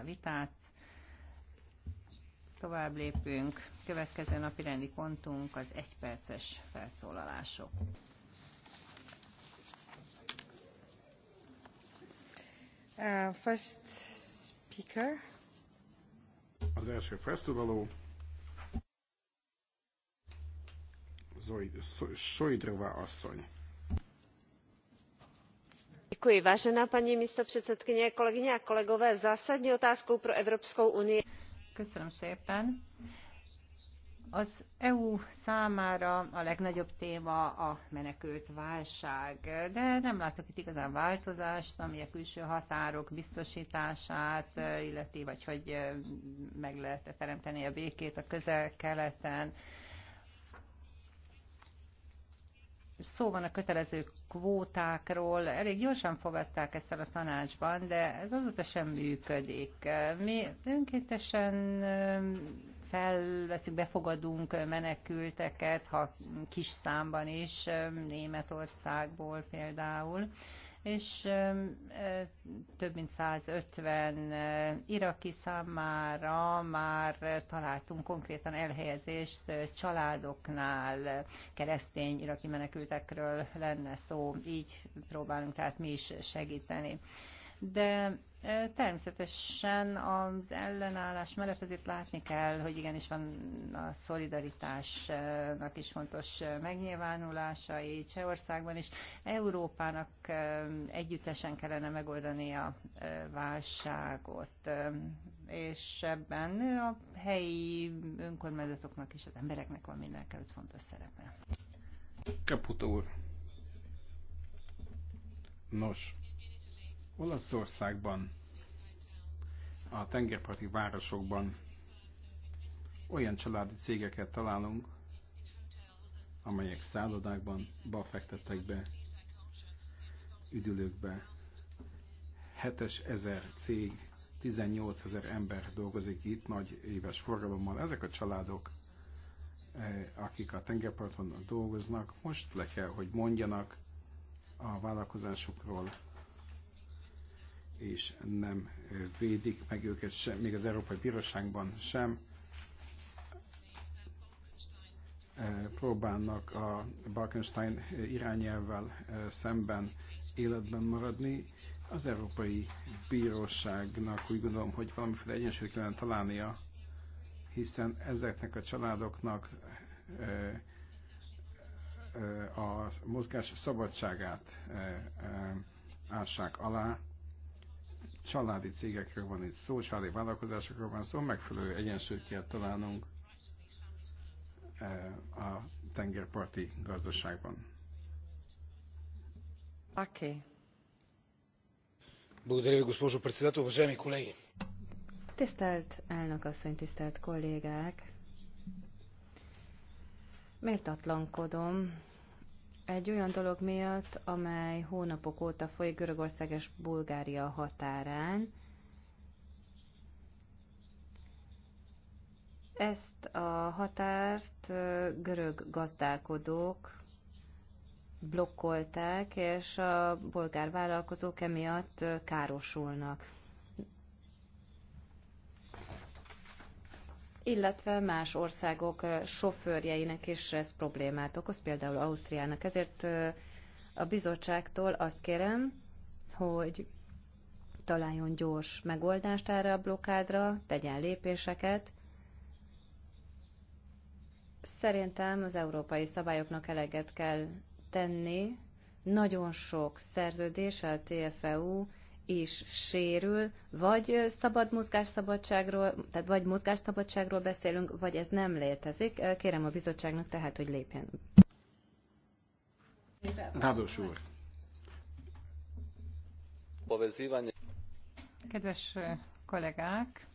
a vitát. Tovább lépünk. Következő napi rendi pontunk az egyperces felszólalások. Uh, first speaker. Az első felszólaló Sojdrova asszony paní kolegové zásadní otázkou pro evropskou unii az eu számára a legnagyobb a menekültválság de nem itt igazán változást határok eh, hogy eh, a szó van a kötelező kvótákról, elég gyorsan fogadták ezt el a tanácsban, de ez azóta sem működik. Mi önkéntesen felveszünk, befogadunk menekülteket, ha kis számban is, Németországból például, és több mint 150 iraki számára már találtunk konkrétan elhelyezést családoknál, keresztény iraki menekültekről lenne szó, így próbálunk tehát mi is segíteni. De Természetesen az ellenállás mellett azért látni kell, hogy igenis van a szolidaritásnak is fontos megnyilvánulásai Csehországban, és Európának együttesen kellene megoldani a válságot, és ebben a helyi önkormányzatoknak és az embereknek van mindenkelőtt fontos szerepe. Kaputó úr. Nos, Olaszországban, a tengerparti városokban olyan családi cégeket találunk, amelyek szállodákban befektettek be, üdülőkbe. 7000 cég, 18 ezer ember dolgozik itt nagy éves forgalommal. Ezek a családok, eh, akik a tengerparton dolgoznak, most le kell, hogy mondjanak a vállalkozásukról, és nem védik meg őket sem, még az Európai Bíróságban sem. Próbálnak a Balkenstein irányelvvel szemben életben maradni. Az Európai Bíróságnak úgy gondolom, hogy valamiféle egyensúlyt kellene találnia, hiszen ezeknek a családoknak a mozgás szabadságát ássák alá, családi cégekről van itt szó, családi vállalkozásokról van szó, megfelelő egyensúlyt kell találnunk eh, a tengerparti gazdaságban. Oké. Okay. госпожо председател. Уважаеми колеги! Tisztelt elnök asszony, tisztelt kollégák! Méltatlankodom egy olyan dolog miatt, amely hónapok óta folyik Görögország és Bulgária határán. Ezt a határt görög gazdálkodók blokkolták, és a bolgár vállalkozók emiatt károsulnak. illetve más országok sofőrjeinek is ez problémát okoz, például Ausztriának. Ezért a bizottságtól azt kérem, hogy találjon gyors megoldást erre a blokádra, tegyen lépéseket. Szerintem az európai szabályoknak eleget kell tenni. Nagyon sok szerződés, a TFEU is sérül, vagy szabad mozgásszabadságról, tehát vagy mozgásszabadságról beszélünk, vagy ez nem létezik. Kérem a bizottságnak tehát, hogy lépjen. Nádos úr. Kedves kollégák,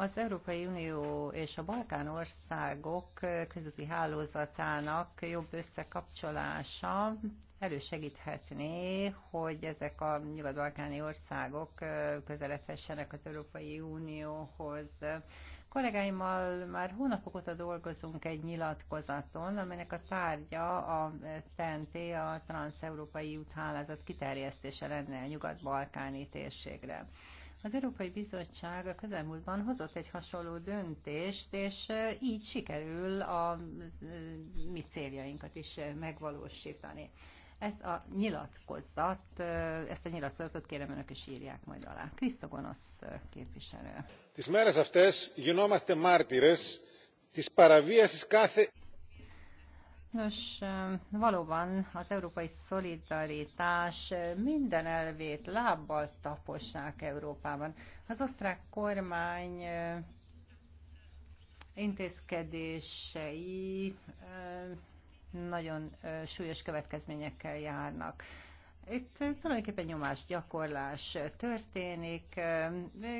az Európai Unió és a Balkán országok közötti hálózatának jobb összekapcsolása elősegíthetné, hogy ezek a nyugat-balkáni országok közeledhessenek az Európai Unióhoz. Kollégáimmal már hónapok óta dolgozunk egy nyilatkozaton, amelynek a tárgya a TNT, a Transeurópai Úthálózat kiterjesztése lenne a nyugat-balkáni térségre. Az Európai Bizottság a közelmúltban hozott egy hasonló döntést, és így sikerül a mi céljainkat is megvalósítani. Ez a nyilatkozat, ezt a nyilatkozatot kérem önök is írják majd alá. Kriszta Gonosz képviselő. Τις μέρες αυτές γινόμαστε μάρτυρες της παραβίασης κάθε Nos, valóban az európai szolidaritás minden elvét lábbal tapossák Európában. Az osztrák kormány intézkedései nagyon súlyos következményekkel járnak. Itt tulajdonképpen nyomásgyakorlás történik.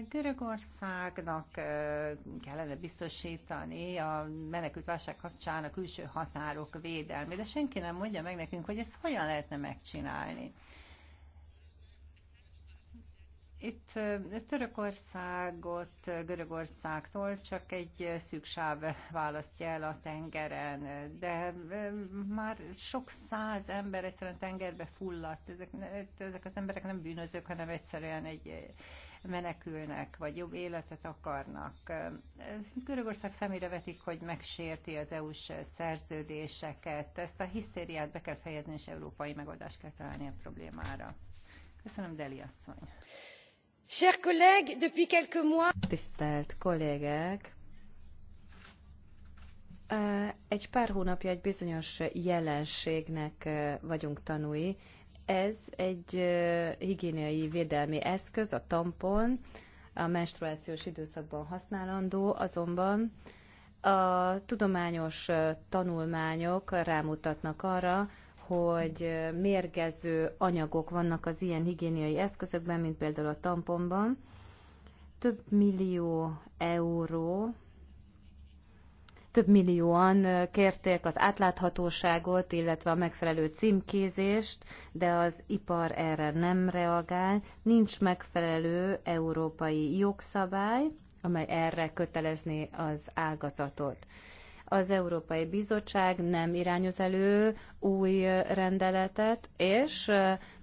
Görögországnak eh, kellene biztosítani a menekült válság kapcsán a külső határok védelmét, de senki nem mondja meg nekünk, hogy ezt hogyan lehetne megcsinálni. Itt Törökországot Görögországtól csak egy sáv választja el a tengeren, de már sok száz ember egyszerűen tengerbe fulladt. Ezek, ezek az emberek nem bűnözők, hanem egyszerűen egy menekülnek, vagy jobb életet akarnak. Görögország szemére vetik, hogy megsérti az EU-s szerződéseket. Ezt a hisztériát be kell fejezni, és európai megoldást kell találni a problémára. Köszönöm, Deli asszony. Chers collègues, depuis quelques mois... Tisztelt kollégák! Egy pár hónapja egy bizonyos jelenségnek vagyunk tanúi. Ez egy higiéniai védelmi eszköz, a tampon, a menstruációs időszakban használandó, azonban a tudományos tanulmányok rámutatnak arra, hogy mérgező anyagok vannak az ilyen higiéniai eszközökben, mint például a tamponban. Több millió euró, több millióan kérték az átláthatóságot, illetve a megfelelő címkézést, de az ipar erre nem reagál. Nincs megfelelő európai jogszabály, amely erre kötelezné az ágazatot az Európai Bizottság nem irányoz elő új rendeletet, és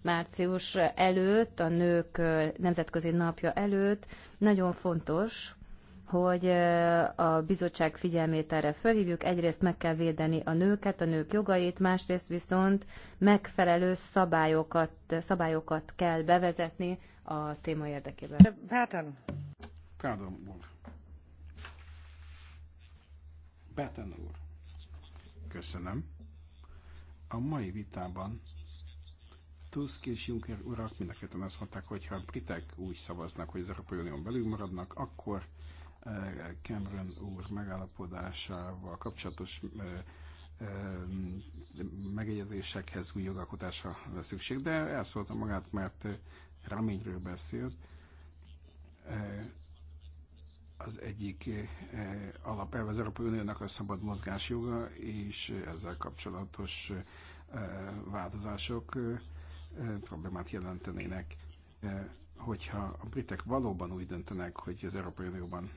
március előtt, a nők nemzetközi napja előtt nagyon fontos, hogy a bizottság figyelmét erre fölhívjuk. Egyrészt meg kell védeni a nőket, a nők jogait, másrészt viszont megfelelő szabályokat, szabályokat kell bevezetni a téma érdekében. Pardon. Pardon. Peten úr. Köszönöm. A mai vitában Tusk és Juncker urak mind a azt mondták, hogy ha a britek úgy szavaznak, hogy az Európai Unión belül maradnak, akkor eh, Cameron úr megállapodásával kapcsolatos eh, eh, megegyezésekhez új jogalkotásra lesz szükség, de elszólta magát, mert reményről beszélt az egyik eh, alapelve az Európai Uniónak a szabad mozgás joga, és ezzel kapcsolatos eh, változások eh, problémát jelentenének, hogyha a britek valóban úgy döntenek, hogy az Európai Unióban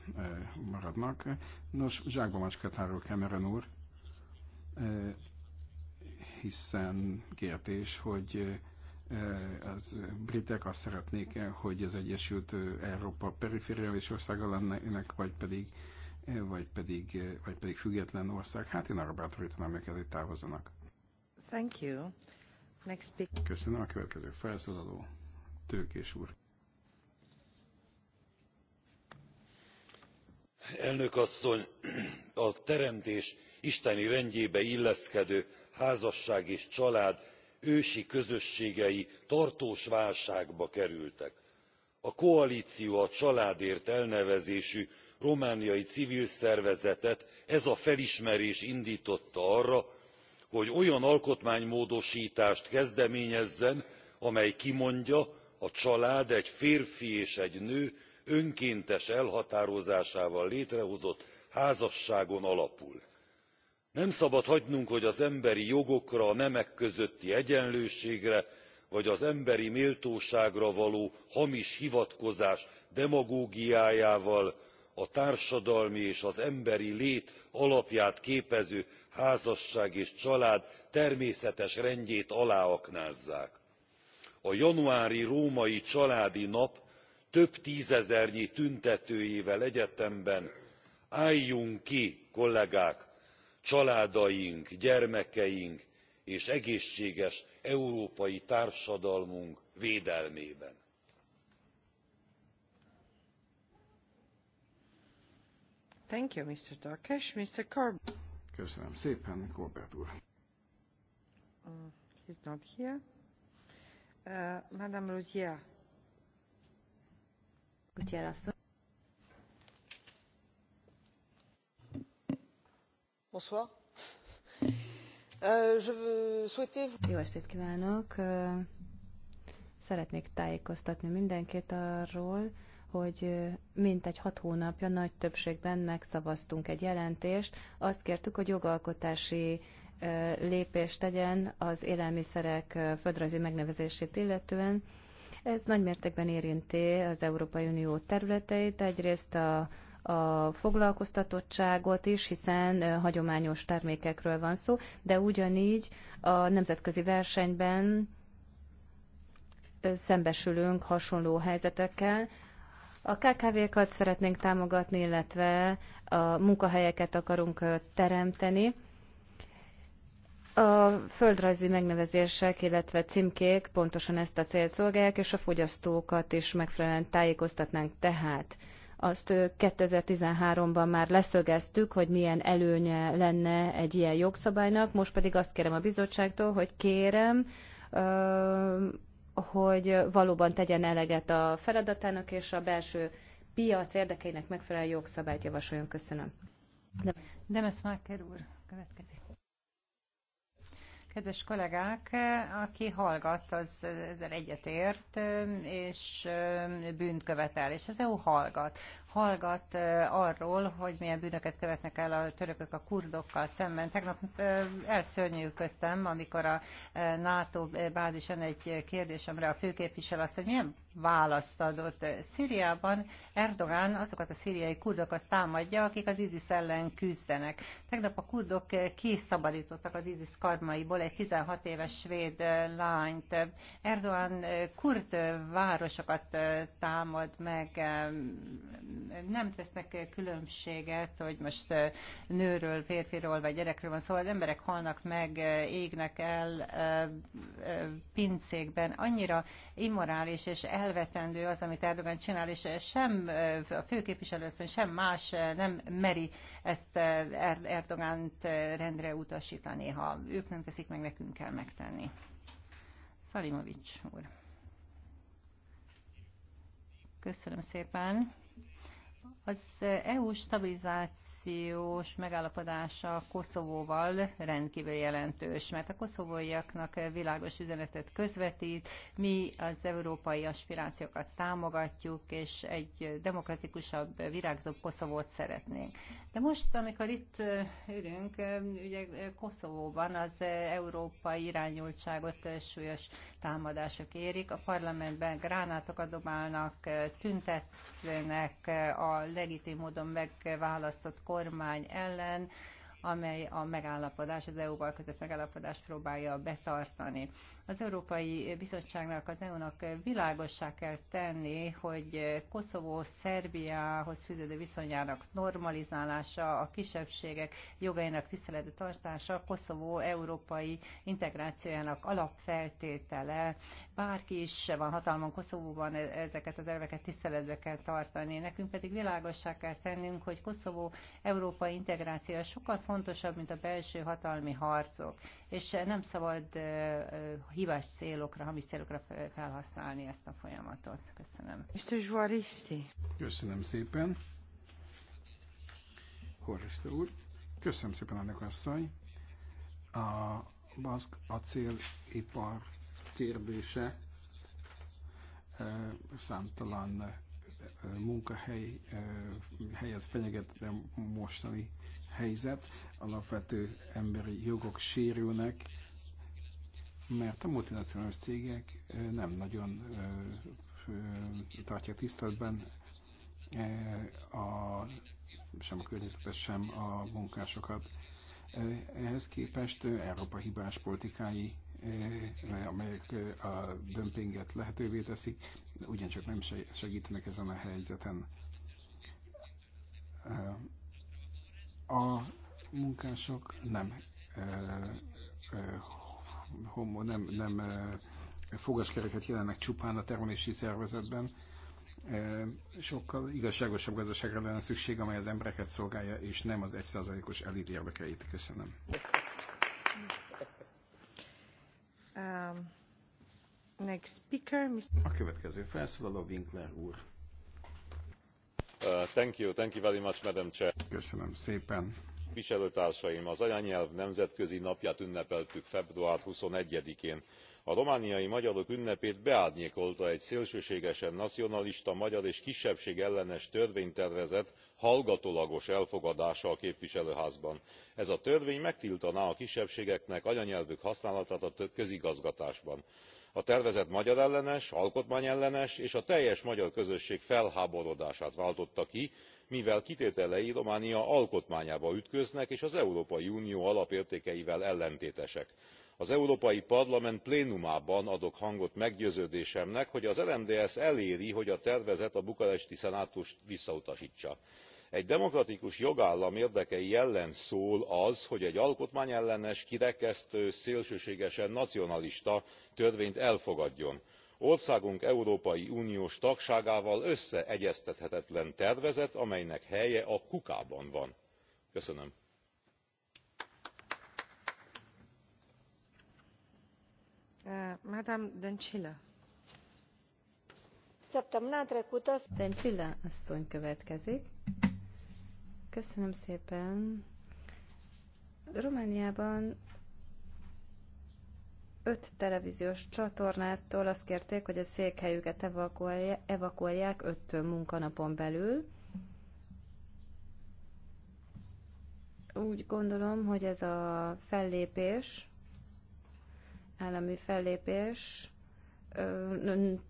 maradnak. Nos, zsákba macskát árul Cameron úr, hiszen kérdés, hogy Eh, az britek azt szeretnék, eh, hogy az Egyesült eh, Európa perifériális országa lennének, vagy pedig, vagy pedig, vagy pedig független ország. Hát én arra bátorítanám őket, hogy távozzanak. Thank you. Next speak. Köszönöm a következő felszólaló, Tőkés úr. Elnök asszony, a teremtés isteni rendjébe illeszkedő házasság és család ősi közösségei tartós válságba kerültek. a koalció a családért elnevezésű romániai civil szervezetet ez a felismerés indtotta arra hogy olyan alkotmánymódostást kezdeményezzen amely kimondja a család egy férfi és egy nő önkéntes elhatározásával létrehozott házasságon alapul nem szabad hagynunk hogy az emberi jogokra a nemek közötti egyenlőségre vagy az emberi méltóságra való hamis hivatkozás demagógiájával a társadalmi és az emberi lét alapját képező házasság és család természetes rendjét aláaknázzák. a januári római családi nap több tzezernyi tüntetőjével egyetemben álljunk ki kollegák családaink gyermekeink és egészséges európai társadalmunk védelmében. Köszönöm szépen, Corbett úr. Uh, he's not here. Uh, Madame Rozier. Gutierrez. Bonsoir. Euh, je Jó estét kívánok! Szeretnék tájékoztatni mindenkit arról, hogy mintegy hat hónapja nagy többségben megszavaztunk egy jelentést. Azt kértük, hogy jogalkotási lépést tegyen az élelmiszerek földrajzi megnevezését illetően. Ez nagy mértékben érinti az Európai Unió területeit, egyrészt a a foglalkoztatottságot is, hiszen hagyományos termékekről van szó, de ugyanígy a nemzetközi versenyben szembesülünk hasonló helyzetekkel. A KKV-kat szeretnénk támogatni, illetve a munkahelyeket akarunk teremteni. A földrajzi megnevezések, illetve címkék pontosan ezt a célt szolgálják, és a fogyasztókat is megfelelően tájékoztatnánk tehát azt 2013-ban már leszögeztük, hogy milyen előnye lenne egy ilyen jogszabálynak, most pedig azt kérem a bizottságtól, hogy kérem, hogy valóban tegyen eleget a feladatának, és a belső piac érdekeinek megfelelő jogszabályt javasoljon. Köszönöm. Demes Máker úr, következik. Kedves kollégák, aki hallgat, az ezzel egyetért, és bűnt követel, és az EU hallgat. Hallgat arról, hogy milyen bűnöket követnek el a törökök a kurdokkal szemben. Tegnap elszörnyűködtem, amikor a NATO bázison egy kérdésemre a főképviselő azt, hogy milyen választ adott. Szíriában Erdogan azokat a szíriai kurdokat támadja, akik az ISIS ellen küzdenek. Tegnap a kurdok kiszabadítottak az ISIS karmaiból egy 16 éves svéd lányt. Erdogan kurd városokat támad meg, nem tesznek különbséget, hogy most nőről, férfiról vagy gyerekről van szó, szóval az emberek halnak meg, égnek el pincékben. Annyira immorális és el elvetendő az, amit Erdogan csinál, és sem a főképviselő, sem más nem meri ezt er-, Erdogánt rendre utasítani. Ha ők nem teszik meg, nekünk kell megtenni. Szalimovics úr. Köszönöm szépen. Az EU stabilizáció migrációs megállapodása Koszovóval rendkívül jelentős, mert a koszovóiaknak világos üzenetet közvetít, mi az európai aspirációkat támogatjuk, és egy demokratikusabb, virágzó Koszovót szeretnénk. De most, amikor itt ülünk, ugye Koszovóban az európai irányultságot súlyos támadások érik, a parlamentben gránátokat dobálnak, tüntetnek a legitim módon megválasztott kormányokat, kormány ellen amely a megállapodás, az EU-val között megállapodást próbálja betartani. Az Európai Bizottságnak, az EU-nak világossá kell tenni, hogy Koszovó Szerbiához fűződő viszonyának normalizálása, a kisebbségek jogainak tiszteletbe tartása Koszovó európai integrációjának alapfeltétele. Bárki is van hatalmon Koszovóban, ezeket az elveket tiszteletbe kell tartani. Nekünk pedig világossá kell tennünk, hogy Koszovó európai integrációja sokkal fontosabb, mint a belső hatalmi harcok, és nem szabad hibás célokra, hamis célokra felhasználni ezt a folyamatot. Köszönöm. Mr. Zsuaristi. Köszönöm szépen. Horrisztó úr. Köszönöm szépen, elnök asszony. A baszk acélipar kérdése számtalan munkahely helyet fenyeget de mostani helyzet, alapvető emberi jogok sérülnek, mert a multinacionális cégek nem nagyon tartják tiszteletben a, sem a környezetet, sem a munkásokat. Ehhez képest Európa hibás politikái, amelyek a dömpinget lehetővé teszik, ugyancsak nem segítenek ezen a helyzeten a munkások nem eh, eh, homo, nem, nem eh, fogaskereket jelennek csupán a termelési szervezetben. sokkal igazságosabb gazdaságra lenne szükség, amely az embereket szolgálja, és nem az egyszázalékos elit érdekeit. Köszönöm. Um, next speaker, Mr. A következő felszólaló Winkler úr. Uh, Köszönöm szépen. Viselőtársaim, az anyanyelv nemzetközi napját ünnepeltük február 21-én. A romániai magyarok ünnepét beárnyékolta egy szélsőségesen nacionalista magyar és kisebbségellenes törvénytervezet hallgatólagos elfogadása a képviselőházban. ez a törvény megtiltaná a kisebbségeknek anyanyelvük használatát a közigazgatásban a tervezet magyarellenes alkotmányellenes és a teljes magyar közösség felháborodását váltotta ki mivel kitételei románia alkotmányába ütköznek és az európai unió alapértékeivel ellentétesek. az európai parlament plénumában adok hangot meggyőződésemnek hogy az rmdsz eléri hogy a tervezet a bukaresti szenátust visszautastsa egy demokratikus jogállam érdekei ellen szól az hogy egy alkotmányellenes kirekesztő szélsőségesen nacionalista törvényt elfogadjon. országunk európai uniós tagságával összeegyeztethetetlen tervezet amelynek helye a kukában van. köszönöm. Uh, következik. Köszönöm szépen. Romániában öt televíziós csatornától azt kérték, hogy a székhelyüket evakuálják öt munkanapon belül. Úgy gondolom, hogy ez a fellépés, állami fellépés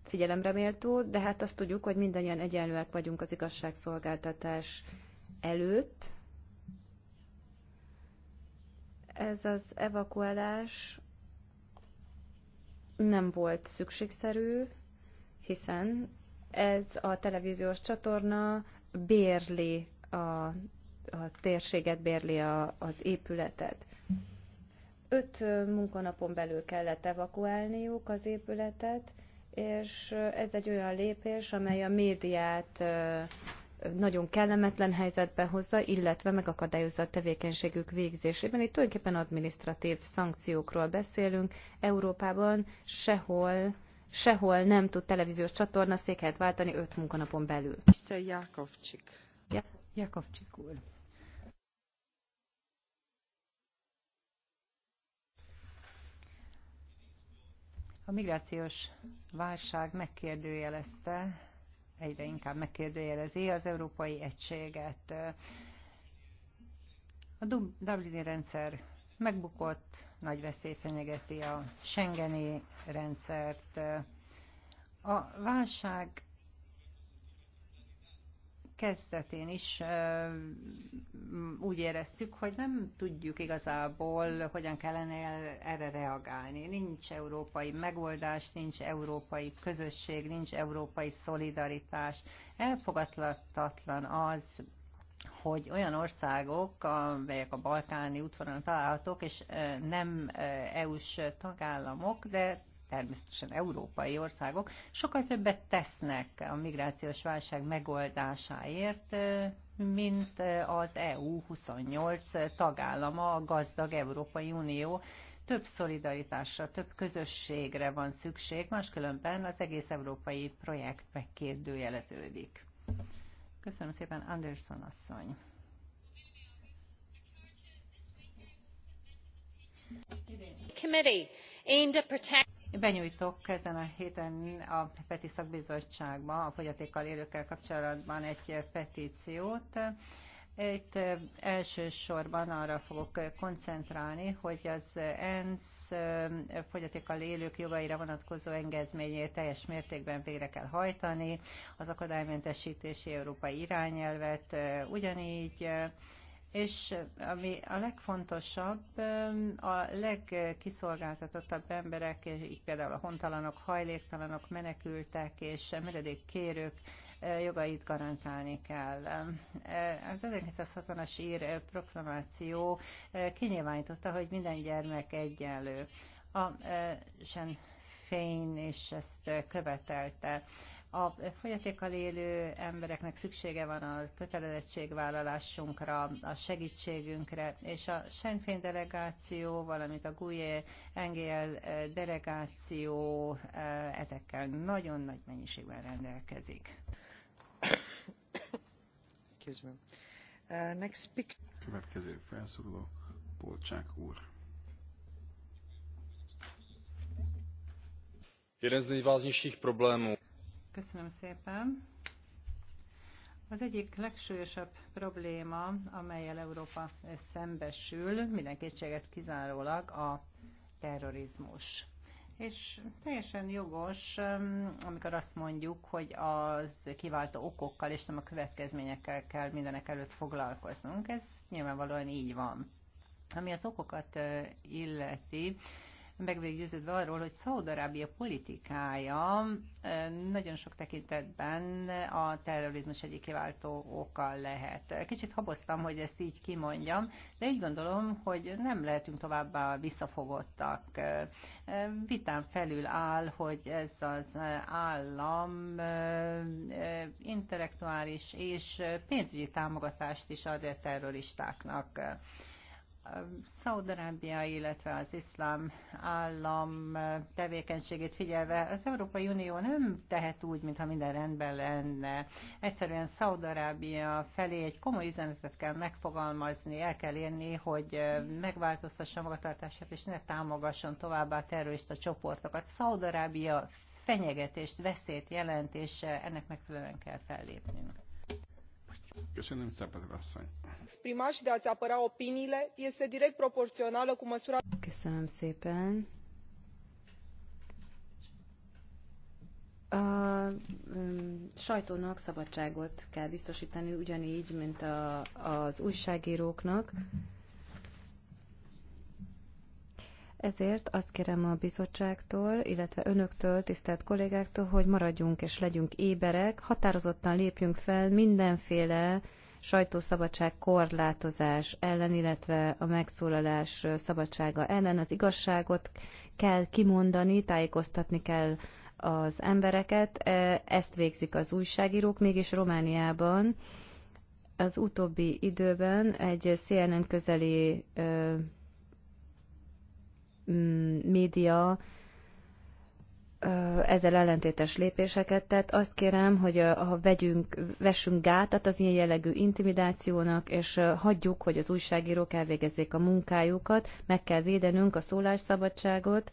figyelemre méltó, de hát azt tudjuk, hogy mindannyian egyenlőek vagyunk az igazságszolgáltatás előtt. Ez az evakuálás nem volt szükségszerű, hiszen ez a televíziós csatorna bérli a, a térséget, bérli a, az épületet. Öt munkanapon belül kellett evakuálniuk az épületet, és ez egy olyan lépés, amely a médiát nagyon kellemetlen helyzetbe hozza, illetve megakadályozza a tevékenységük végzésében. Itt tulajdonképpen administratív szankciókról beszélünk. Európában sehol sehol nem tud televíziós csatorna székhelyet váltani öt munkanapon belül. Mr. Jakovcsik. Ja, Jakovcsik úr. A migrációs válság megkérdőjelezte egyre inkább megkérdőjelezi az európai egységet. A Dublini rendszer megbukott, nagy veszély fenyegeti a Schengeni rendszert. A válság kezdetén is úgy éreztük, hogy nem tudjuk igazából, hogyan kellene erre reagálni. Nincs európai megoldás, nincs európai közösség, nincs európai szolidaritás. Elfogadhatatlan az, hogy olyan országok, amelyek a balkáni útvonalon találhatók, és nem EU-s tagállamok, de természetesen európai országok sokkal többet tesznek a migrációs válság megoldásáért, mint az EU 28 tagállama, a gazdag Európai Unió. Több szolidaritásra, több közösségre van szükség, máskülönben az egész európai projekt megkérdőjeleződik. Köszönöm szépen, Anderson asszony. Committee aimed at protecting én benyújtok ezen a héten a Peti Szakbizottságba a fogyatékkal élőkkel kapcsolatban egy petíciót. Itt elsősorban arra fogok koncentrálni, hogy az ENSZ fogyatékkal élők jogaira vonatkozó engedményét teljes mértékben végre kell hajtani, az akadálymentesítési európai irányelvet ugyanígy és ami a legfontosabb, a legkiszolgáltatottabb emberek, így például a hontalanok, hajléktalanok, menekültek és kérők jogait garantálni kell. Az 1960-as ír proklamáció kinyilvánította, hogy minden gyermek egyenlő. A sen fein és ezt követelte. A fogyatékkal élő embereknek szüksége van a kötelezettségvállalásunkra, a segítségünkre, és a Schenfén delegáció, valamint a Guje Engel eh, delegáció eh, ezekkel nagyon nagy mennyiségben rendelkezik. Excuse me. Uh, next speak. Következő felszóló, Polcsák úr. Jeden z nejvážnějších problémů Köszönöm szépen. Az egyik legsúlyosabb probléma, amelyel Európa szembesül, minden kétséget kizárólag a terrorizmus. És teljesen jogos, um, amikor azt mondjuk, hogy az kiváltó okokkal és nem a következményekkel kell mindenek előtt foglalkoznunk. Ez nyilvánvalóan így van. Ami az okokat uh, illeti, győződve arról, hogy Szaudarábia politikája nagyon sok tekintetben a terrorizmus egyik kiváltó oka lehet. Kicsit haboztam, hogy ezt így kimondjam, de így gondolom, hogy nem lehetünk továbbá visszafogottak. Vitán felül áll, hogy ez az állam intellektuális és pénzügyi támogatást is ad a terroristáknak. Szaudarábia, illetve az iszlám állam tevékenységét figyelve az Európai Unió nem tehet úgy, mintha minden rendben lenne. Egyszerűen Szaudarábia felé egy komoly üzenetet kell megfogalmazni, el kell érni, hogy megváltoztassa magatartását, és ne támogasson továbbá terrorista csoportokat. Szaudarábia fenyegetést, veszélyt jelent, és ennek megfelelően kell fellépnünk. Köszönöm, Szepet asszony. Exprimás de a-ți apăra opiniile este direct proporțională cu măsura... Köszönöm szépen. A sajtónak szabadságot kell biztosítani ugyanígy, mint a, az újságíróknak. Mm-hmm. Ezért azt kérem a bizottságtól, illetve önöktől, tisztelt kollégáktól, hogy maradjunk és legyünk éberek, határozottan lépjünk fel mindenféle sajtószabadság korlátozás ellen, illetve a megszólalás szabadsága ellen. Az igazságot kell kimondani, tájékoztatni kell az embereket. E, ezt végzik az újságírók, mégis Romániában az utóbbi időben egy CNN közeli Mm, média ezzel ellentétes lépéseket tett. Azt kérem, hogy ha vegyünk, vessünk gátat az ilyen jellegű intimidációnak, és hagyjuk, hogy az újságírók elvégezzék a munkájukat, meg kell védenünk a szólásszabadságot.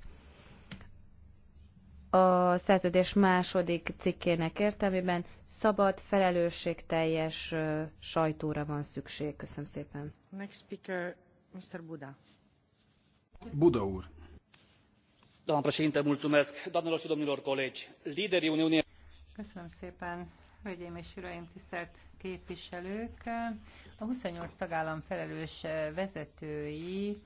A szerződés második cikkének értelmében szabad, felelősségteljes sajtóra van szükség. Köszönöm szépen. Next speaker, Mr. Buda. Buda úr. Doamna președinte, mulțumesc. Doamnelor și domnilor colegi, liderii Uniunii... Köszönöm szépen, hölgyeim és uraim, tisztelt képviselők. A 28 tagállam felelős vezetői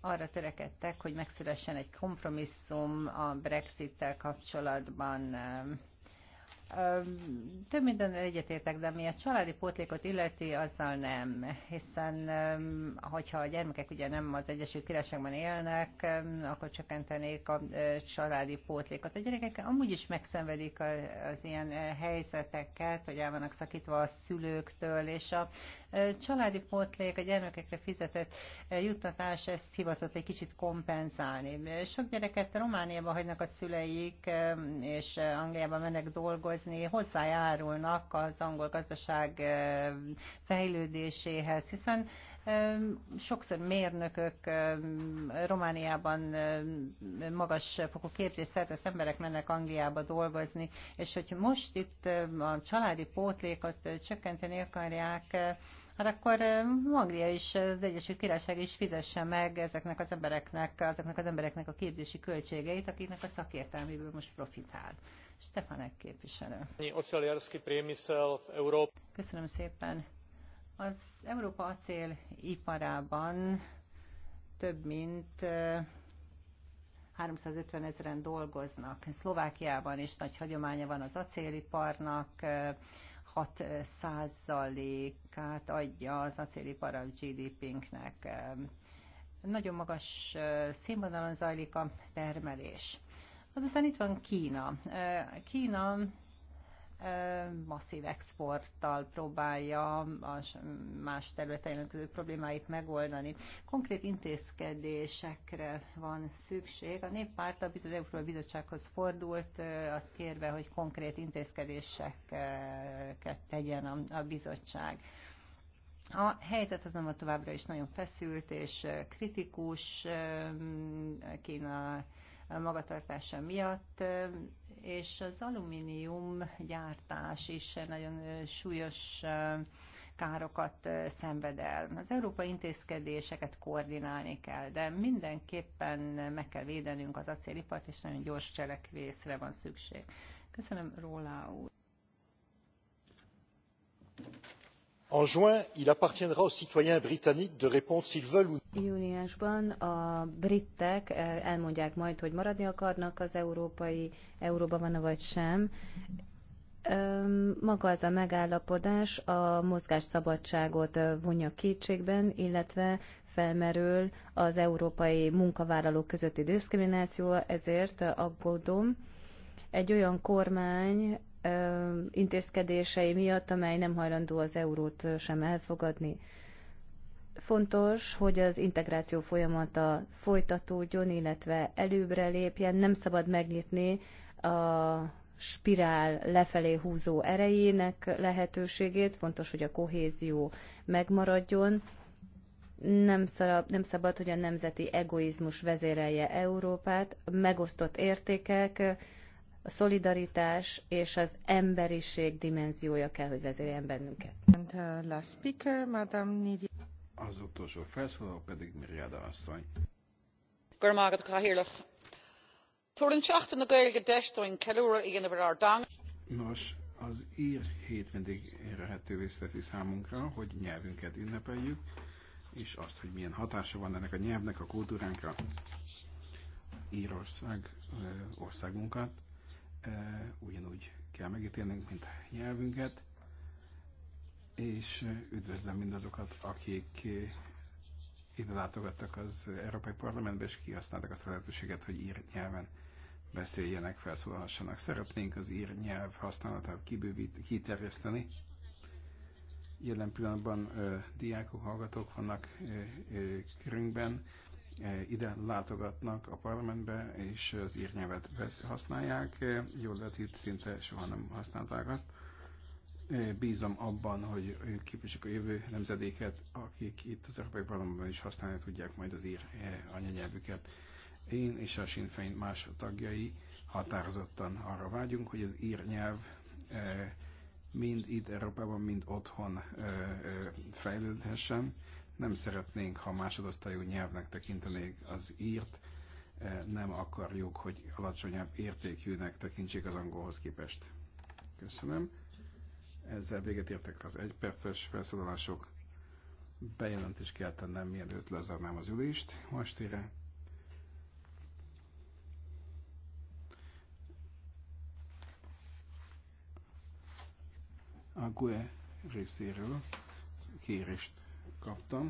arra törekedtek, hogy megszülessen egy kompromisszum a Brexit-tel kapcsolatban több minden egyetértek, de ami a családi pótlékot illeti, azzal nem, hiszen hogyha a gyermekek ugye nem az Egyesült Királyságban élnek, akkor csökkentenék a családi pótlékot. A gyerekek amúgy is megszenvedik az ilyen helyzeteket, hogy el vannak szakítva a szülőktől, és a családi pótlék, a gyermekekre fizetett juttatás ezt hivatott egy kicsit kompenzálni. Sok gyereket Romániában hagynak a szüleik, és Angliában, mennek dolgozni, hozni, hozzájárulnak az angol gazdaság fejlődéséhez, hiszen sokszor mérnökök Romániában magas fokú képzést szerzett emberek mennek Angliába dolgozni, és hogy most itt a családi pótlékot csökkenteni akarják, hát akkor Anglia is, az Egyesült Királyság is fizesse meg ezeknek az embereknek, azoknak az embereknek a képzési költségeit, akiknek a szakértelméből most profitál. Stefanek képviselő. Köszönöm szépen. Az Európa acél iparában több mint 350 ezeren dolgoznak. Szlovákiában is nagy hagyománya van az acéliparnak, 6 százalékát adja az acélipar a GDP-nknek. Nagyon magas színvonalon zajlik a termelés. Azután itt van Kína. Kína masszív exporttal próbálja a más területein jelentkező problémáit megoldani. Konkrét intézkedésekre van szükség. A néppárt a Európai Bizottsághoz fordult, azt kérve, hogy konkrét intézkedéseket tegyen a, a bizottság. A helyzet azonban továbbra is nagyon feszült és kritikus. Kína magatartása miatt, és az alumínium gyártás is nagyon súlyos károkat szenved el. Az európai intézkedéseket koordinálni kell, de mindenképpen meg kell védenünk az acélipart, és nagyon gyors cselekvészre van szükség. Köszönöm, Róla úr en juin il appartiendra aux citoyens britanniques de répondre s'ils veulent ou non. Júniusban a britek eh, elmondják majd, hogy maradni akarnak az európai euróban vagy sem. Maga az a megállapodás a mozgásszabadságot eh, vonja kétségben, illetve felmerül az európai munkavállalók közötti diszkrimináció, ezért aggódom. Egy olyan kormány, intézkedései miatt, amely nem hajlandó az eurót sem elfogadni. Fontos, hogy az integráció folyamata folytatódjon, illetve előbbre lépjen, nem szabad megnyitni a spirál lefelé húzó erejének lehetőségét, fontos, hogy a kohézió megmaradjon, nem, szabad, nem szabad, hogy a nemzeti egoizmus vezérelje Európát, megosztott értékek, a szolidaritás és az emberiség dimenziója kell, hogy vezérjen bennünket. And, uh, last speaker, Madame Nidi. Az utolsó felszóló pedig Miriada asszony. Nos, az ír hét mindig érhetővé teszi számunkra, hogy nyelvünket ünnepeljük, és azt, hogy milyen hatása van ennek a nyelvnek a kultúránkra. Írország országunkat ugyanúgy kell megítélnünk, mint a nyelvünket, és üdvözlöm mindazokat, akik ide látogattak az Európai Parlamentbe, és kihasználtak azt a lehetőséget, hogy ír nyelven beszéljenek, felszólalhassanak. Szeretnénk az ír nyelv használatát kibővít, kiterjeszteni. Jelen pillanatban ö, diákok, hallgatók vannak ö, ö, körünkben, E, ide látogatnak a parlamentbe, és az írnyelvet használják. E, jól lett itt szinte soha nem használták azt. E, bízom abban, hogy ők képesek a jövő nemzedéket, akik itt az Európai Parlamentben is használni tudják majd az ír anyanyelvüket. Én és a Sinn Féin más tagjai határozottan arra vágyunk, hogy az ír nyelv mind itt Európában, mind otthon fejlődhessen nem szeretnénk, ha másodosztályú nyelvnek tekintenék az írt, eh, nem akarjuk, hogy alacsonyabb értékűnek tekintsék az angolhoz képest. Köszönöm. Ezzel véget értek az egyperces felszólalások. Bejelentést kell tennem, mielőtt lezárnám az ülést ma estére. A GUE részéről kérést kaptam.